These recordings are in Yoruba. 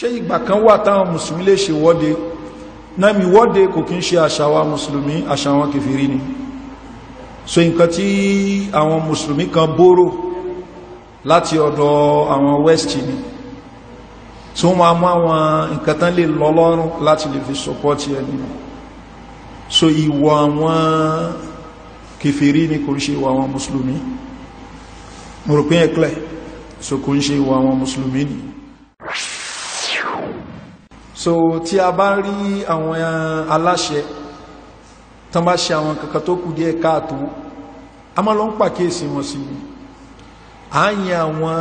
ṣé ìgbà kan wà táwọn mùsùlùmí lè ṣe wọ́de náà mi wọ́de kò kí ń ṣe àṣàwà mùsùlùmí àṣàwọn kèfèrí ni so nǹkan tí àwọn mùsùlùmí kan bóró láti ọ̀dọ̀ àwọn west ni tí wọ́n máa mú àwọn nǹkan tán lè lọ láti lè fi sọpọ́tì ẹni so ìwọ̀ àwọn kèfèrí ni kò ń ṣe ìwọ̀ àwọn mùsùlùmí mo rò pé ẹ̀klẹ̀ so kò ń ṣe ìwọ̀ àwọn mùsùlùmí ni so tí a bá rí àwọn eh, aláṣẹ tán bá ṣe àwọn kankan tó kù díẹ̀ káàtó a máa lọ ń pàkíyèsí wọn sí i à ń yan àwọn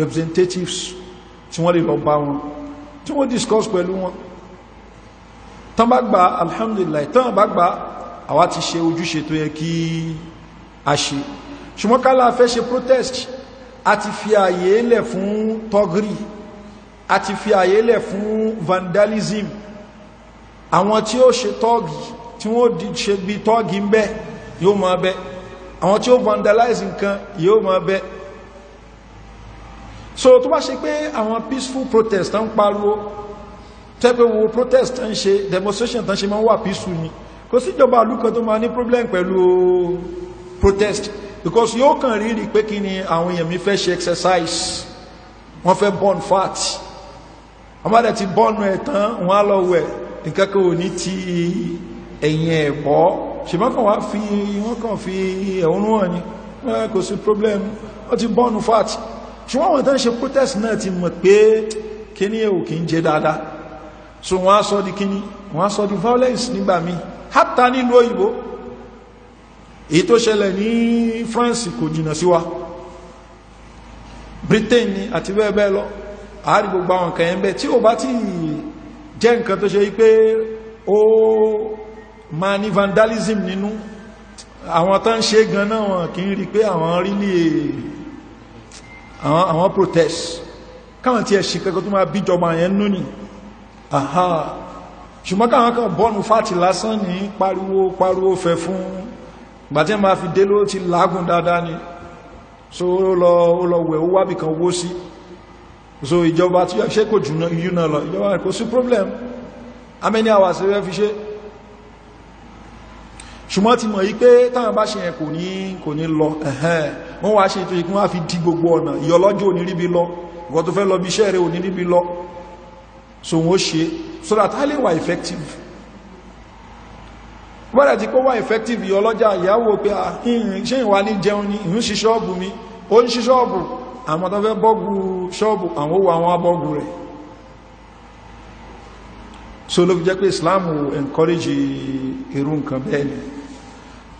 representatives tí wọ́n lè lọ bá wọn tí wọ́n discuss pẹ̀lú wọn tán bá gba alhamdulillah tán bá gba àwa ti ṣe ojúṣe tó yẹ kí a ṣe ṣùgbọ́n kálá fẹ́ ṣe protest a ti fi ààyè lẹ̀ fún tọ́gírì a ti fi àyè lẹ̀ fún vandalism àwọn tí ó ṣe tọ́ọ̀gì tí wọ́n ṣe bí tọ́ọ̀gì ń bẹ́ yóò máa bẹ́ àwọn tí ó vandalize nǹkan yóò máa bẹ́ so tó bá ṣe pé àwọn peaceful protest ń pariwo tẹ́pẹ́ wo protest ń ṣe demonstration tán ṣe máa ń wà peaceful ni kò síjọba àlúkan tó máa ní problem pẹ̀lú protest because yóò kàn rí rí pé kí ni àwọn èèyàn mi fẹ́ ṣe exercise wọ́n fẹ́ burn fat ọmọdé ti bọ́ọ̀nù ẹ̀ tán wọ́n á lọ wẹ̀ nǹkan kan ò ní ti ẹ̀yìn ẹ̀ bọ́ wá fi wọ́n kàn fi ẹ̀hónú hàn ni kò sí problem wọ́n ti bọ́ọ̀nù fat ṣùgbọ́n àwọn tán ṣe protest náà ti mọ̀ pé kíní ẹ̀ ò kí ń jẹ dáadáa so wọ́n á sọ di kíní wọ́n á sọ di violence nígbà míì hátà nílùú àárí gbogbo àwọn nǹkan ẹ̀mẹ́ tí ó bá ti jẹ́ nǹkan tó ṣe wípé ó ma ní vandalism nínú àwọn tán ṣe gan náà wọn kì í rí pé àwọn rí ní àwọn protest káwọn tí ẹ̀ ṣe kẹ́kọ́ tó máa bíjọba yẹn nú ni aha ṣùgbọ́n káwọn kan bọ́nu fàtì lásán ní pariwo pariwo fẹ́ fún gbàtí ma fi dé ló ti lágùn dáadáa ni so ó lọ wẹ̀ ó wábìkan wó sí so ìjọba tí yọ ṣe kò jù náà lọ ìjọba kò sí problem how many hours rẹ fi ṣe ṣùgbọ́n ti mọ̀ yí pé táwọn bá ṣe yẹn kò ní kò ní lọ ẹ̀hẹ́n wọ́n wá ṣe ètò ìkún wá fi di gbogbo ọ̀nà ìyọlọ́jọ́ òní ríbi lọ ìwọ́n tó fẹ́ lọ bí iṣẹ́ rẹ̀ òní ríbi lọ so wọ́n ṣe so that a lè effective wọ́n ti kó wà effective ìyọlọ́jà ìyàwó pé ah, ṣe ìwà ní jẹun ní ìhún ṣiṣọ́ọ̀bù mi ó ń ṣiṣọ́ọ̀bù àwọn tó fẹ́ bọ́gù ṣọ́ọ̀bù àwọn owó àwọn abọ́gù rẹ̀ so ló fi jẹ́ pé Islam encourage irú nǹkan bẹ́ẹ̀ ni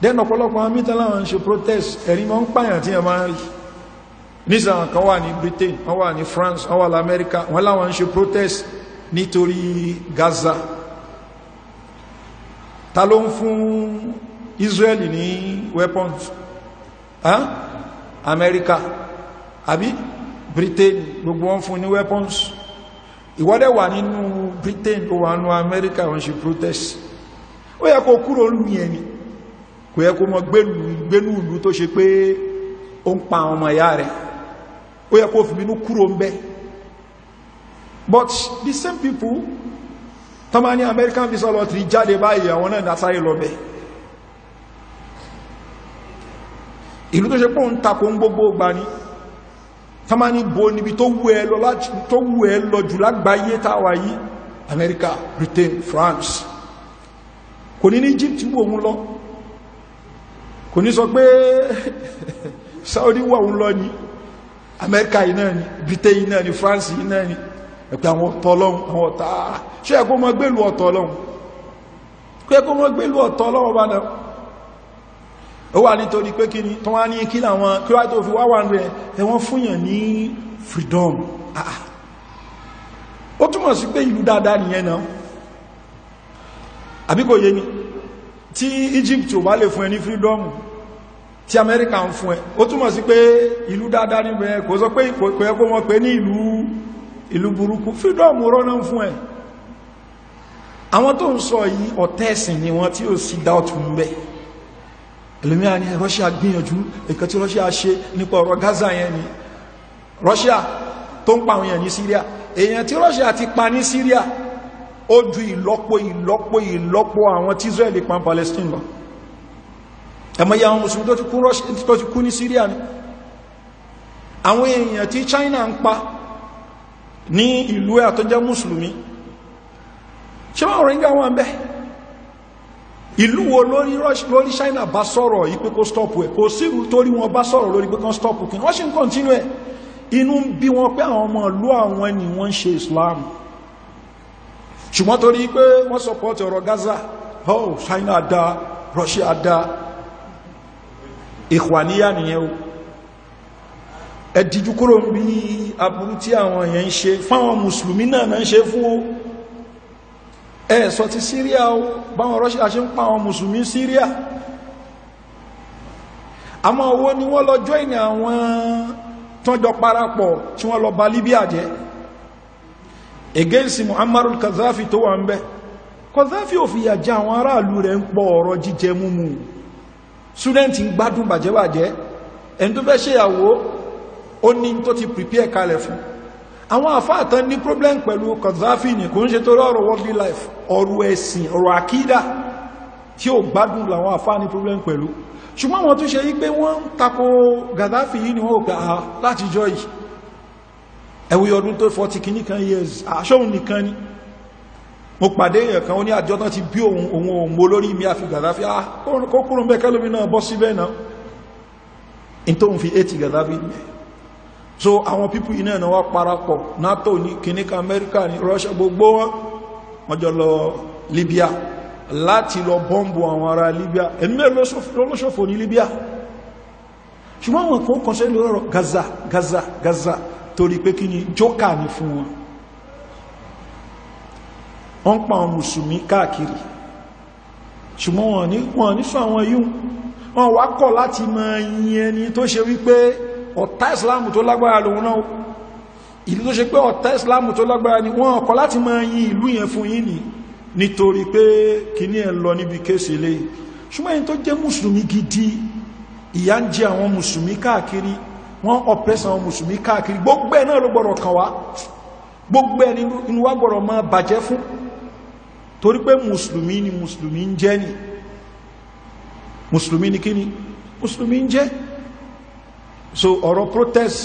then ọ̀pọ̀lọpọ̀ amítan láwọn ń ṣe protest ẹ̀rí máa ń pààyàn tí wọ́n máa rí nísàn kan wà ní Britain wọ́n wà ní France wọ́n wà ní America wọ́n láwọn ń ṣe protest nítorí Gaza ta ló ń fún Israeli ní weapons huh? America àbí britain gbogbo wọn fún ní weapons ìwọ́dẹ̀ wà nínú britain ó wà nínú america wọ́n ṣe protest ó yẹ kó kúrò lù yẹn ni kò yẹ kó mọ gbénú ìlú tó ṣe pé ó ń pa ọmọ ìyá rẹ̀ ó yẹ kó fi bínú kúrò ń bẹ but the same people tọ́mà ní american visa lottery jáde báyìí àwọn náà dásáré lọ bẹ̀ ìlú tó ṣe pọ́ ń takò ń gbogbo gbani tó má ní bo níbi tó wù ẹ lọ jù lágbàáyé táwà yìí America Britain France kò ní ní Egypt wù òun lọ kò ní sọ pé Saudi wà òun lọ ni America yìí náà ni Britain yìí náà France yìí náà ni ẹ̀pẹ́ àwọn ọ̀tọ̀ ọlọ́run àwọn ọ̀tá ṣe ẹ̀kọ́ mọ́ gbélú ọ̀tọ̀ ọlọ́run ó wà nítorí pé kí ni tó wá ní kí làwọn kí wá tó fi wá wà rẹ̀ ẹ̀wọ́n fúnyàn ní freedom àà ah, ah. ó túnmọ̀ sí pé ìlú dáadáa nìyẹn náà àbí yé ni tí Egypt ò bá lè fún ẹ ní freedom tí America ń fún ẹ ó túnmọ̀ sí pé ìlú dáadáa níbẹ̀ kò sọ pé kò yẹ kó wọ́n pé ní ìlú ìlú burúkú freedom rọ́nà fún ẹ àwọn tó ń sọ yìí ọ̀tẹ́ẹ̀sìn ni wọ́n tí ó sì doubt ń bẹ́ẹ̀ ẹlòmíà ni Russia gbìyànjú ẹ̀kẹ́ tí Russia ṣe nípa ọ̀rọ̀ Gaza yẹn ni Russia tó ń pa àwọn èèyàn ní Syria èèyàn tí Russia ti pa ní Syria ó ju ìlọ́po ìlọ́po ìlọ́po àwọn tí Israel pa Palestine lọ ẹmọye àwọn mùsùlùmí tó ti kú ní Syria ni àwọn èèyàn tí China ń pa ní ìlú ẹ̀ àtọ́jẹ́ mùsùlùmí ṣe wọ́n rẹ̀ ń bẹ́ẹ̀ ìlú wo lórí lórí China bá sọ̀rọ̀ yìí pé kó stop ẹ̀ kò sí torí wọn bá sọ̀rọ̀ lórí pé kán stop kí wọ́n ṣe ń continue ẹ̀ inú ń bí wọn pé àwọn ọmọ ìlú àwọn ni wọ́n ṣe Islam ṣùgbọ́n torí pé wọ́n support ọ̀rọ̀ Gaza oh China da Russia da ìkwàníyà nìyẹn o ẹ díjú kúrò ń bí aburú tí àwọn èèyàn ń ṣe fáwọn mùsùlùmí náà náà ń ṣe fún o ẹ sọ ti Syria o báwọn Russia ṣe ń pa àwọn mùsùlùmí Syria àmọ́ owó ni wọ́n lọ join àwọn tọ́jọ parapọ̀ tí wọ́n lọ ba Libya jẹ́ against Muammar al-Qadhafi tó wà ń bẹ́ Qadhafi ò fìyà jẹ àwọn aráàlú rẹ̀ ń pọ̀ ọ̀rọ̀ jíjẹ múmu student ń gbádùn bàjẹ́bàjẹ́ ẹni tó fẹ́ ṣèyàwó ó ní tó ti prepare kalẹ̀ fún àwọn àfáàtàn ní problem pẹ̀lú Qaddafi ní kò ń ṣe tó lọ́rọ̀ worldly life ọ̀rọ̀ ẹ̀sìn ọ̀rọ̀ àkídà tí ó gbádùn làwọn àfáà ní problem pẹ̀lú ṣùgbọ́n wọn tó ṣe yí pé wọ́n ń tako Qaddafi yìí ni wọ́n gbà á ah, láti jọ yìí ẹ̀wù ọdún tó 40 kìíní kan years àṣọ́hun ah, nìkan ni mo pàdé èèyàn kan ó ní àjọ tán ti bí òun òun mo lórí mi àfi Qaddafi ah, kó kúrò mẹ́kẹ́lómi náà bọ́ síbẹ̀ náà in tó ń fi 80 Qaddafi mẹ́ so àwọn pípù iná ẹ̀nà wá parapọ̀ NATO ní kìníkà Amẹ́ríkà ní Russia gbogbo wọn wọ́n lọ Libya láti lọ bọ́m̀bù àwọn ará Libya ẹ̀mí lọ́lọ́ṣọ́fò ní Libya ṣùgbọ́n wọn kò kọ́ṣẹ́ lọ́rọ̀ Gaza Gaza Gaza torí pé kí ni jọ́kà ní fún wọn wọ́n pa àwọn mùsùlùmí káàkiri ṣùgbọ́n wọn ní sọ àwọn yíò wọn wá kọ̀ láti mọ ẹni tó ṣe wípé ọ̀tá ìsìláàmù tó lágbára lòun náà ìlú tó ṣe pé ọ̀tá ìsìláàmù tó lágbára ni wọ́n ọkọ̀ láti máa yin ìlú yẹn fún yín ni nítorí pé kìíní ẹ̀ lọ níbi kéèsì lè ṣùgbọ́n ẹni tó jẹ́ mùsùlùmí gidi ìyà ń jẹ àwọn mùsùlùmí káàkiri wọ́n ọ̀pẹ́sàn àwọn mùsùlùmí káàkiri gbogbo ẹ̀ náà ló gbọ́dọ̀ kàn wá gbogbo ẹ̀ nínú wá gbọ́dọ̀ máa bàjẹ́ fún torí pé mùsùlùmí ni mùsùlùmí ń jẹ́ ni mùsùlùmí ni kíni mùsùlùmí ń jẹ́ ni so ọ̀rọ̀ protest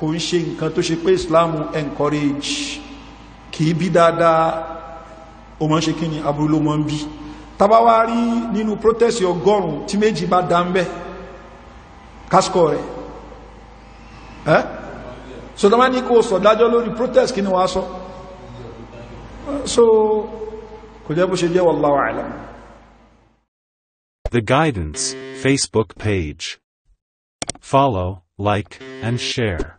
kò ń ṣe nǹkan tó ṣe pé islam encourage kìí bí dáadáa o mọ́ ṣe kí ni aburú mọ́ ń bí tabawa rí nínú protest ọgọ́rùn tí méjì bá dá ń bẹ́ kásíkọ̀ rẹ̀ ẹ́ so tó má ní kó sọ dájọ́ lórí protest kí ni wàá sọ so kò jẹ́ bó ṣe jẹ́ wallahu a'lam The Guidance Facebook page. Follow. like, and share.